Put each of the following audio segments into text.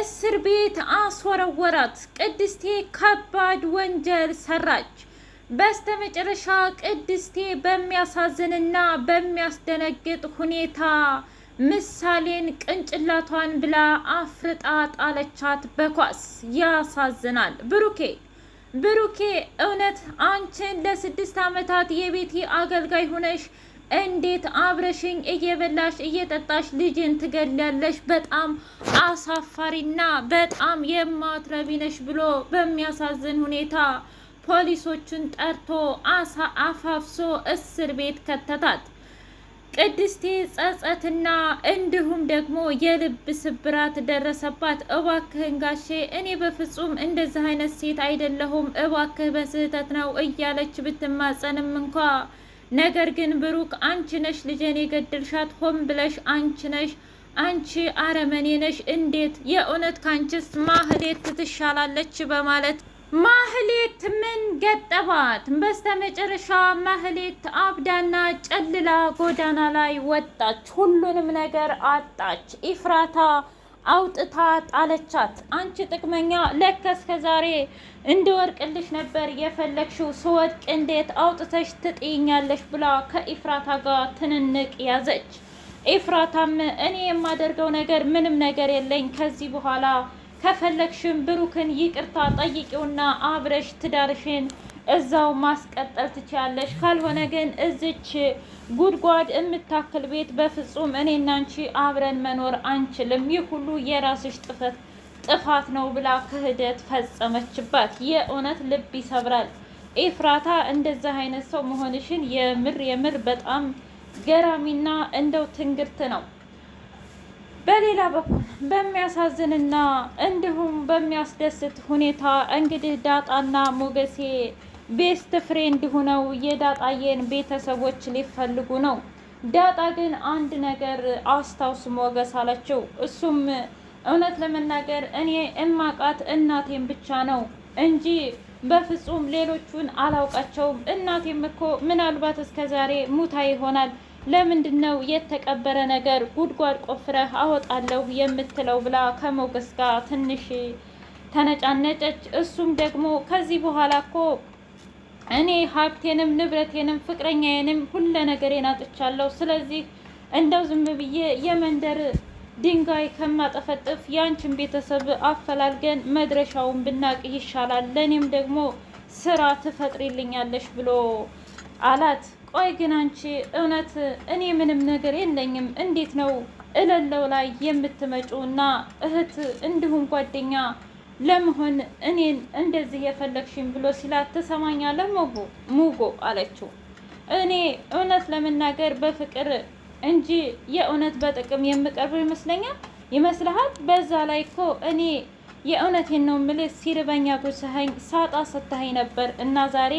እስር ቤት አስወረወራት። ቅድስቴ ከባድ ወንጀል ሰራች። በስተመጨረሻ ቅድስቴ በሚያሳዝንና በሚያስደነግጥ ሁኔታ ምሳሌን ቅንጭላቷን ብላ አፍርጣ ጣለቻት በኳስ። ያሳዝናል። ብሩኬ ብሩኬ እውነት አንቺን ለስድስት ዓመታት የቤቴ አገልጋይ ሆነሽ እንዴት አብረሽኝ እየበላሽ እየጠጣሽ ልጅን ትገላለሽ? በጣም አሳፋሪና በጣም የማትረቢ ነሽ ብሎ በሚያሳዝን ሁኔታ ፖሊሶቹን ጠርቶ አሳ አፋፍሶ እስር ቤት ከተታት። ቅድስቴ ጸጸትና እንዲሁም ደግሞ የልብ ስብራት ደረሰባት። እባክህን ጋሼ እኔ በፍጹም እንደዚህ አይነት ሴት አይደለሁም፣ እባክህ በስህተት ነው እያለች ብትማጸንም እንኳ ነገር ግን ብሩክ አንቺ ነሽ ልጄን የገደልሻት፣ ሆን ብለሽ አንቺ ነሽ፣ አንቺ አረመኔ ነሽ። እንዴት የእውነት ካንቺስ ማህሌት ትሻላለች በማለት ማህሌት ምን ገጠባት? በስተመጨረሻ ማህሌት አብዳና ጨልላ ጎዳና ላይ ወጣች። ሁሉንም ነገር አጣች። ኢፍራታ አውጥታ ጣለቻት። አንቺ ጥቅመኛ ለካ እስከ ዛሬ ነበር የፈለግሽው፣ ስወድቅ እንዴት አውጥተሽ ትጥይኛለሽ ብላ ከኢፍራታ ጋር ትንንቅ ያዘች። ኢፍራታም እኔ የማደርገው ነገር ምንም ነገር የለኝ። ከዚህ በኋላ ከፈለግሽም ብሩክን ይቅርታ ጠይቂውና አብረሽ ትዳርሽን እዛው ማስቀጠል ትችያለሽ። ካልሆነ ግን እዚች ጉድጓድ የምታክል ቤት በፍጹም እኔና አንቺ አብረን መኖር አንችልም። ይህ ሁሉ የራስሽ ጥፈት ጥፋት ነው ብላ ክህደት ፈጸመችባት። የእውነት ልብ ይሰብራል። ኤፍራታ እንደዚህ አይነት ሰው መሆንሽን የምር የምር በጣም ገራሚና እንደው ትንግርት ነው። በሌላ በኩል በሚያሳዝንና እንዲሁም በሚያስደስት ሁኔታ እንግዲህ ዳጣና ሞገሴ ቤስት ፍሬንድ ሆነው የዳጣዬን ቤተሰቦች ሊፈልጉ ነው። ዳጣ ግን አንድ ነገር አስታውስ ሞገስ አላቸው። እሱም እውነት ለመናገር እኔ እማቃት እናቴን ብቻ ነው እንጂ በፍጹም ሌሎቹን አላውቃቸውም። እናቴም እኮ ምናልባት እስከ ዛሬ ሙታ ይሆናል። ለምንድን ነው የተቀበረ ነገር ጉድጓድ ቆፍረህ አወጣለሁ የምትለው ብላ ከሞገስ ጋር ትንሽ ተነጫነጨች። እሱም ደግሞ ከዚህ በኋላ እኮ እኔ ሀብቴንም ንብረቴንም ፍቅረኛዬንም ሁለ ነገሬን አጥቻለሁ። ስለዚህ እንደው ዝም ብዬ የመንደር ድንጋይ ከማጠፈጥፍ ያንቺን ቤተሰብ አፈላልገን መድረሻውን ብናቅ ይሻላል፣ ለእኔም ደግሞ ስራ ትፈጥሪልኛለሽ ብሎ አላት። ቆይ ግን አንቺ እውነት እኔ ምንም ነገር የለኝም እንዴት ነው እለለው ላይ የምትመጩ እና እህት እንዲሁም ጓደኛ ለመሆን እኔን እንደዚህ የፈለግሽኝ ብሎ ሲላት ትሰማኛለህ ሙጎ አለችው። እኔ እውነት ለመናገር በፍቅር እንጂ የእውነት በጥቅም የምቀርበው ይመስለኛል ይመስልሃል? በዛ ላይ እኮ እኔ የእውነቴን ነው የምልህ ሲርበኛ ጉስሀኝ ሳጣ ስታሀኝ ነበር እና ዛሬ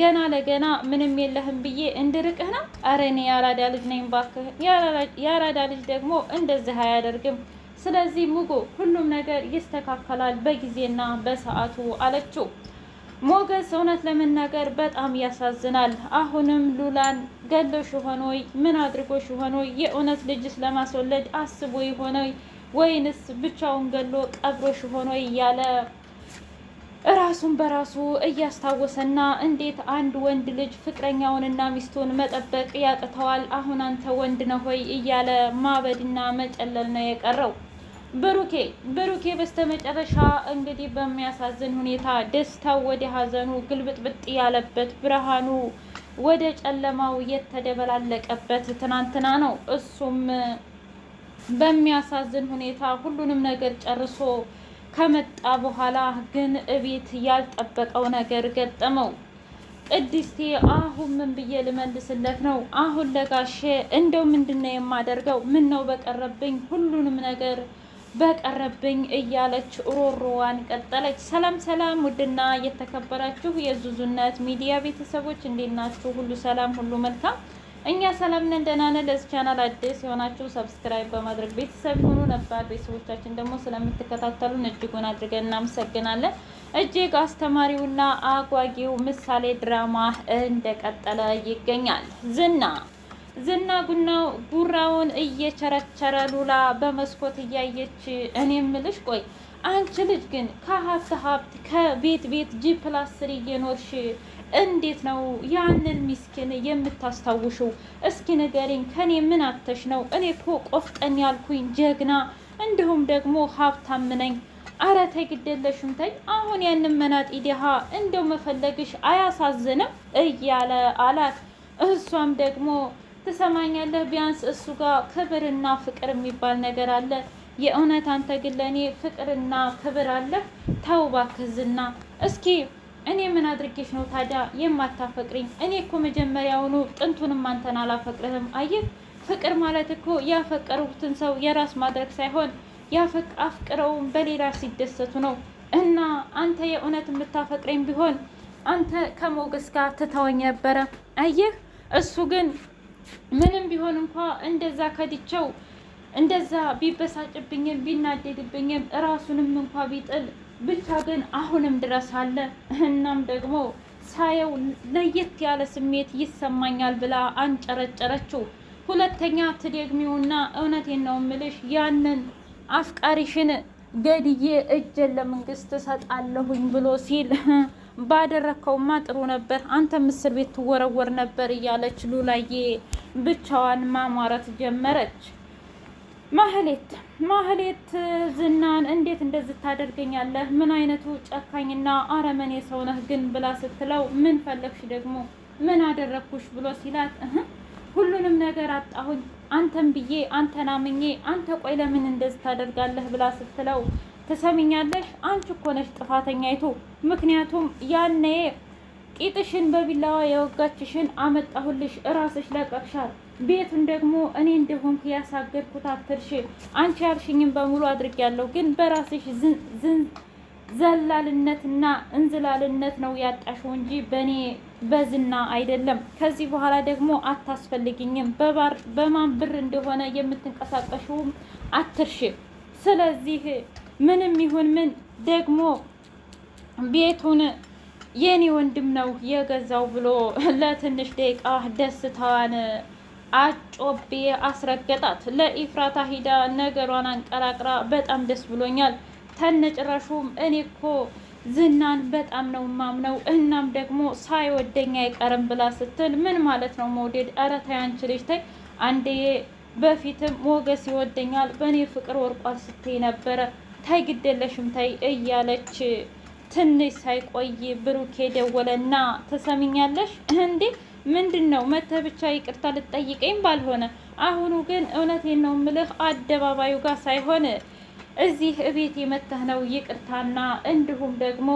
ገና ለገና ምንም የለህም ብዬ እንድርቅህ ነው? አረ እኔ የአራዳ ልጅ ነኝ ባክህ። የአራዳ ልጅ ደግሞ እንደዚህ አያደርግም። ስለዚህ ሙጎ ሁሉም ነገር ይስተካከላል በጊዜና በሰዓቱ አለችው። ሞገስ እውነት ለመናገር በጣም ያሳዝናል። አሁንም ሉላን ገሎሽ ሆኖ ምን አድርጎሽ ሆኖ የእውነት ልጅስ ለማስወለድ አስቦ ሆኖ ወይንስ ብቻውን ገሎ ቀብሮሽ ሆኖ እያለ እራሱን በራሱ እያስታወሰና እንዴት አንድ ወንድ ልጅ ፍቅረኛውንና ሚስቱን መጠበቅ ያቅተዋል? አሁን አንተ ወንድ ነህ ወይ እያለ ማበድና መጨለል ነው የቀረው። ብሩኬ ብሩኬ በስተመጨረሻ እንግዲህ በሚያሳዝን ሁኔታ ደስታው ወደ ሀዘኑ ግልብጥብጥ ያለበት ብርሃኑ ወደ ጨለማው የተደበላለቀበት ትናንትና ነው። እሱም በሚያሳዝን ሁኔታ ሁሉንም ነገር ጨርሶ ከመጣ በኋላ ግን እቤት ያልጠበቀው ነገር ገጠመው። ቅድስቴ አሁን ምን ብዬ ልመልስለት ነው? አሁን ለጋሼ እንደው ምንድነው የማደርገው? ምን ነው በቀረብኝ ሁሉንም ነገር በቀረብኝ እያለች ሮሮዋን ቀጠለች። ሰላም ሰላም! ውድና የተከበራችሁ የዙዙነት ሚዲያ ቤተሰቦች እንዴት ናችሁ? ሁሉ ሰላም፣ ሁሉ መልካም። እኛ ሰላም ነን፣ ደህና ነን። ለዚህ ቻናል አዲስ የሆናችሁ ሰብስክራይብ በማድረግ ቤተሰብ የሆኑ ነባር ቤተሰቦቻችን ደግሞ ስለምትከታተሉን እጅጉን አድርገን እናመሰግናለን። እጅግ አስተማሪውና አጓጊው ምሳሌ ድራማ እንደቀጠለ ይገኛል ዝና ዝና ጉናው ቡራውን እየቸረቸረ ሉላ በመስኮት እያየች እኔ ምልሽ ቆይ አንቺ ልጅ ግን ከሀብት ሀብት ከቤት ቤት ጂ ፕላስ ስሪ እየኖርሽ እንዴት ነው ያንን ሚስኪን የምታስታውሽው? እስኪ ንገሪኝ፣ ከኔ ምን አተሽ ነው? እኔ እኮ ቆፍጠን ያልኩኝ ጀግና እንዲሁም ደግሞ ሀብታም ነኝ። አረ ተይ ግደለሽም ተይ። አሁን ያንን መናጢ ድሃ እንደው መፈለግሽ አያሳዝንም? እያለ አላት። እሷም ደግሞ ትሰማኛለህ? ቢያንስ እሱ ጋር ክብርና ፍቅር የሚባል ነገር አለ። የእውነት አንተ ግን ለእኔ ፍቅርና ክብር አለህ? ተው እባክህ ዝና። እስኪ እኔ ምን አድርጌሽ ነው ታዲያ የማታፈቅሪኝ? እኔ እኮ መጀመሪያውኑ ጥንቱንም አንተን አላፈቅርህም። አየህ፣ ፍቅር ማለት እኮ ያፈቀሩትን ሰው የራስ ማድረግ ሳይሆን አፍቅረውም በሌላ ሲደሰቱ ነው። እና አንተ የእውነት የምታፈቅረኝ ቢሆን አንተ ከሞገስ ጋር ትተወኝ ነበረ። አየህ እሱ ግን ምንም ቢሆን እንኳ እንደዛ ከድቸው እንደዛ ቢበሳጭብኝም ቢናደድብኝም እራሱንም እንኳ ቢጥል ብቻ ግን አሁንም ድረስ አለ። እናም ደግሞ ሳየው ለየት ያለ ስሜት ይሰማኛል ብላ አንጨረጨረችው። ሁለተኛ ትደግሚውና እውነቴን ነው እምልሽ ያንን አፍቃሪሽን ገድዬ እጄን ለመንግስት እሰጣለሁኝ ብሎ ሲል ባደረግከውማ ጥሩ ነበር፣ አንተም እስር ቤት ትወረወር ነበር እያለች ሉላዬ ብቻዋን ማሟረት ጀመረች። ማህሌት ማህሌት ዝናን እንዴት እንደዚህ ታደርገኛለህ? ምን አይነቱ ጨካኝና አረመኔ ሰው ነህ ግን ብላ ስትለው ምን ፈለግሽ ደግሞ ምን አደረግኩሽ ብሎ ሲላት ሁሉንም ነገር አጣሁኝ አንተን ብዬ አንተን አምኜ አንተ ቆይ ለምን እንደዚህ ታደርጋለህ? ብላ ስትለው ትሰሚኛለሽ? አንቺ እኮ ነሽ ይቱ። ምክንያቱም ያኔ ቂጥሽን በቢላዋ የወጋችሽን አመጣሁልሽ፣ እራስሽ ለቀቅሻል። ቤቱን ደግሞ እኔ እንደሆንኩ ያሳገድኩት አትርሽ። አንቺ ያልሽኝም በሙሉ አድርጊያለሁ፣ ግን በራስሽ ዘላልነትና እንዝላልነት ነው ያጣሽው እንጂ በእኔ በዝና አይደለም። ከዚህ በኋላ ደግሞ አታስፈልግኝም። በማን ብር እንደሆነ የምትንቀሳቀሽውም አትርሽ። ስለዚህ ምንም ይሁን ምን ደግሞ ቤቱን የኔ ወንድም ነው የገዛው ብሎ ለትንሽ ደቂቃ ደስታዋን አጮቤ አስረገጣት። ለኢፍራታ ሂዳ ነገሯን አንቀራቅራ በጣም ደስ ብሎኛል። ተነጭራሹም እኔ እኮ ዝናን በጣም ነው ማምነው፣ እናም ደግሞ ሳይወደኝ አይቀርም ብላ ስትል ምን ማለት ነው መውደድ? ኧረ ተይ አንቺ ልጅ ተይ። አንዴ በፊትም ሞገስ ይወደኛል በእኔ ፍቅር ወርቋል ስትይ ነበረ ታይ ግደለሽም ታይ እያለች ትንሽ ሳይቆይ ብሩኬ የደወለና ተሰሚኛለሽ እንዴ ምንድን ነው መተ ብቻ ይቅርታ ልጠይቀኝ ባልሆነ አሁኑ ግን እውነቴን ነው ምልህ አደባባዩ ጋር ሳይሆን እዚህ እቤት የመተህ ነው ይቅርታና እንዲሁም ደግሞ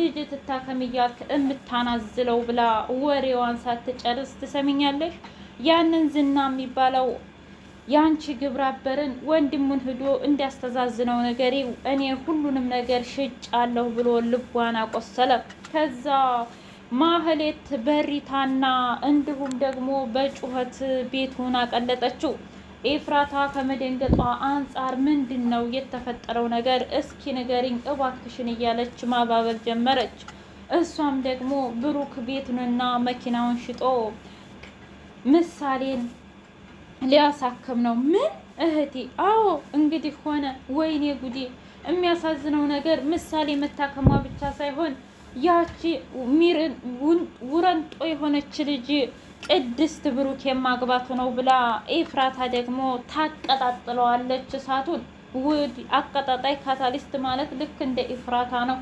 ልጅ ትታከም እያልክ የምታናዝለው ብላ ወሬዋን ሳትጨርስ ትሰሚኛለሽ ያንን ዝና የሚባለው ያንቺ ግብረ አበርን ወንድሙን ሂዶ እንዲያስተዛዝነው ነገሬ እኔ ሁሉንም ነገር ሽጫለሁ ብሎ ልቧን አቆሰለ። ከዛ ማህሌት በሪታና እንዲሁም ደግሞ በጩኸት ቤቱን አቀለጠችው። ኤፍራታ ከመደንገጧ አንጻር ምንድን ነው የተፈጠረው ነገር እስኪ ንገሪኝ እባክሽን እያለች ማባበል ጀመረች። እሷም ደግሞ ብሩክ ቤቱንና መኪናውን ሽጦ ምሳሌን ሊያሳክም ነው። ምን እህቴ? አዎ እንግዲህ ሆነ። ወይኔ ጉዴ! የሚያሳዝነው ነገር ምሳሌ መታከሟ ብቻ ሳይሆን ያቺ ሚርን ውረንጦ የሆነች ልጅ ቅድስት ብሩክ የማግባቱ ነው ብላ ኤፍራታ ደግሞ ታቀጣጥለዋለች እሳቱን። ውድ አቀጣጣይ ካታሊስት ማለት ልክ እንደ ኤፍራታ ነው።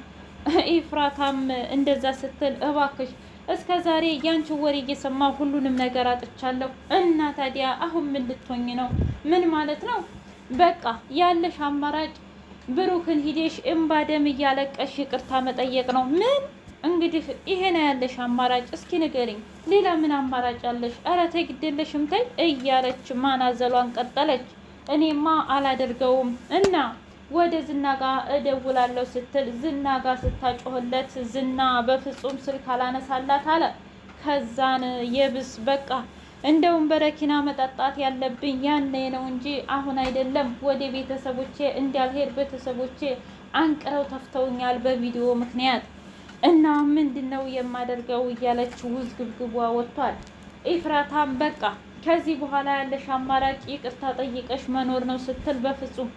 ኤፍራታም እንደዛ ስትል እባክሽ እስከ ዛሬ ያንቺ ወሬ እየሰማ ሁሉንም ነገር አጥቻለሁ። እና ታዲያ አሁን ምን ልትሆኝ ነው? ምን ማለት ነው? በቃ ያለሽ አማራጭ ብሩክን ሂደሽ እምባ ደም እያለቀሽ ይቅርታ መጠየቅ ነው። ምን እንግዲህ ይሄ ነው ያለሽ አማራጭ። እስኪ ንገሪኝ፣ ሌላ ምን አማራጭ አለሽ? ኧረ ተይ ግዴለሽም ተይ እያለች ማናዘሏን ቀጠለች። እኔማ አላደርገውም እና ወደ ዝና ጋ እደውላለሁ ስትል ዝና ጋ ስታጮህለት ዝና በፍጹም ስልክ አላነሳላት አለ። ከዛን የብስ በቃ እንደውም በረኪና መጠጣት ያለብኝ ያኔ ነው እንጂ አሁን አይደለም። ወደ ቤተሰቦቼ እንዳልሄድ ቤተሰቦቼ አንቅረው ተፍተውኛል በቪዲዮ ምክንያት እና ምንድን ነው የማደርገው እያለች ውዝግብግቧ ወጥቷል። ኢፍራታም በቃ ከዚህ በኋላ ያለሽ አማራጭ ይቅርታ ጠይቀሽ መኖር ነው ስትል በፍጹም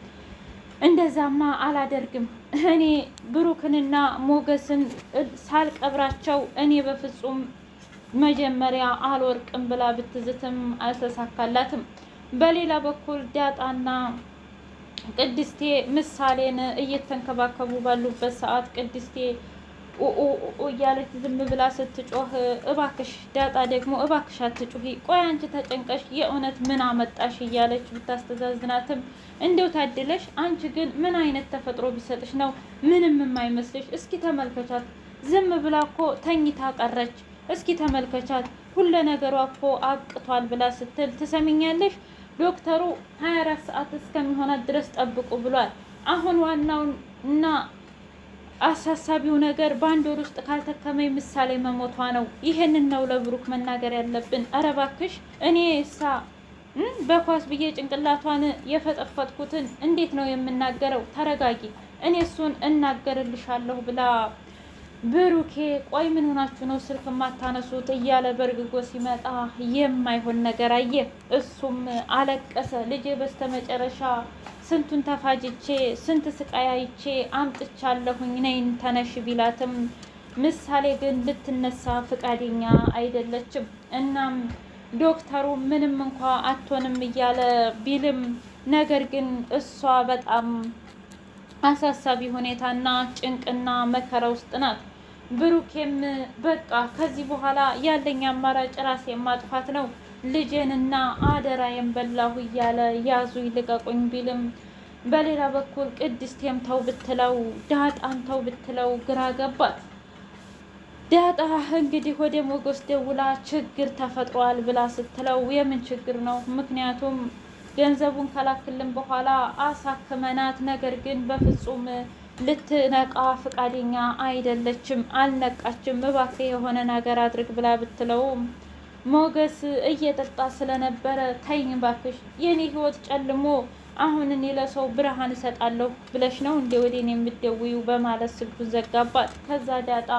እንደዛማ አላደርግም። እኔ ብሩክንና ሞገስን ሳልቀብራቸው እኔ በፍጹም መጀመሪያ አልወርቅም ብላ ብትዝትም አልተሳካላትም። በሌላ በኩል ዳጣና ቅድስቴ ምሳሌን እየተንከባከቡ ባሉበት ሰዓት ቅድስቴ እያለች ዝም ብላ ስትጮህ፣ እባክሽ ዳጣ ደግሞ እባክሽ አትጩሂ፣ ቆይ አንቺ ተጨንቀሽ የእውነት ምን አመጣሽ እያለች ብታስተዛዝናትም፣ እንደው ታድለሽ አንቺ ግን ምን አይነት ተፈጥሮ ቢሰጥሽ ነው ምንም የማይመስልሽ? እስኪ ተመልከቻት፣ ዝም ብላ እኮ ተኝታ ቀረች። እስኪ ተመልከቻት፣ ሁለ ነገሯ እኮ አቅቷል ብላ ስትል፣ ትሰሚኛለሽ ዶክተሩ 24 ሰዓት እስከሚሆናት ድረስ ጠብቁ ብሏል። አሁን ዋናው እና አሳሳቢው ነገር በአንድ ወር ውስጥ ካልተከመኝ ምሳሌ መሞቷ ነው። ይህንን ነው ለብሩክ መናገር ያለብን። እረ እባክሽ እኔ እሳ በኳስ ብዬ ጭንቅላቷን የፈጠፈጥኩትን እንዴት ነው የምናገረው? ተረጋጊ፣ እኔ እሱን እናገርልሻለሁ ብላ ብሩኬ፣ ቆይ ምን ሆናችሁ ነው ስልክ የማታነሱት? እያለ በርግጎ ሲመጣ የማይሆን ነገር አየ። እሱም አለቀሰ። ልጄ በስተመጨረሻ ስንቱን ተፋጅቼ ስንት ስቃይ አይቼ አምጥቻለሁኝ ነይን ተነሽ ቢላትም ምሳሌ ግን ልትነሳ ፍቃደኛ አይደለችም። እናም ዶክተሩ ምንም እንኳ አትሆንም እያለ ቢልም ነገር ግን እሷ በጣም አሳሳቢ ሁኔታና ጭንቅና መከራ ውስጥ ናት። ብሩኬም በቃ ከዚህ በኋላ ያለኝ አማራጭ ራሴ ማጥፋት ነው ልጄንና አደራዬን በላሁ እያለ ያዙ ይልቀቁኝ ቢልም በሌላ በኩል ቅድስቴም ተው ብትለው ዳጣን ተው ብትለው ግራ ገባት። ዳጣ እንግዲህ ወደ ሞጎስ ደውላ ችግር ተፈጥሯል ብላ ስትለው የምን ችግር ነው? ምክንያቱም ገንዘቡን ከላክልን በኋላ አሳክመናት፣ ነገር ግን በፍጹም ልትነቃ ፈቃደኛ አይደለችም፣ አልነቃችም፣ እባክህ የሆነ ነገር አድርግ ብላ ብትለውም ሞገስ እየጠጣ ስለነበረ ተይኝ ባክሽ፣ የኔ ህይወት ጨልሞ አሁን እኔ ለሰው ብርሃን እሰጣለሁ ብለሽ ነው እንደ ወዴን የምትደውዪው በማለት ስልኩን ዘጋባት። ከዛ ዳጣ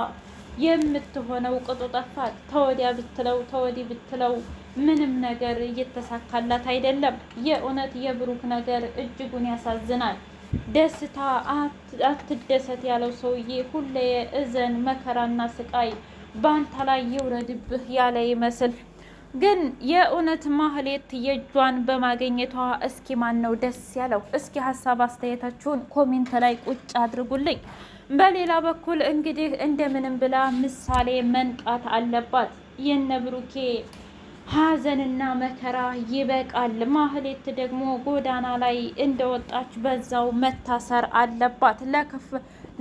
የምትሆነው ቅጡ ጠፋት። ተወዲያ ብትለው ተወዲ ብትለው ምንም ነገር እየተሳካላት አይደለም። የእውነት የብሩክ ነገር እጅጉን ያሳዝናል። ደስታ አትደሰት ያለው ሰውዬ ሁሌ እዘን መከራና ስቃይ ባንታ ላይ ይውረድብህ ያለ ይመስል ግን የእውነት ማህሌት የእጇን በማግኘቷ እስኪ ማን ነው ደስ ያለው? እስኪ ሀሳብ አስተያየታችሁን ኮሜንት ላይ ቁጭ አድርጉልኝ። በሌላ በኩል እንግዲህ እንደምንም ብላ ምሳሌ መንቃት አለባት። የነ ብሩኬ ሀዘንና መከራ ይበቃል። ማህሌት ደግሞ ጎዳና ላይ እንደወጣች በዛው መታሰር አለባት ለክፍ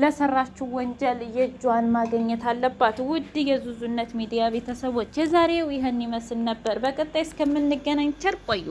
ለሰራችው ወንጀል የእጇን ማግኘት አለባት። ውድ የዙዙነት ሚዲያ ቤተሰቦች የዛሬው ይህን ይመስል ነበር። በቀጣይ እስከምንገናኝ ቸር ቆዩ።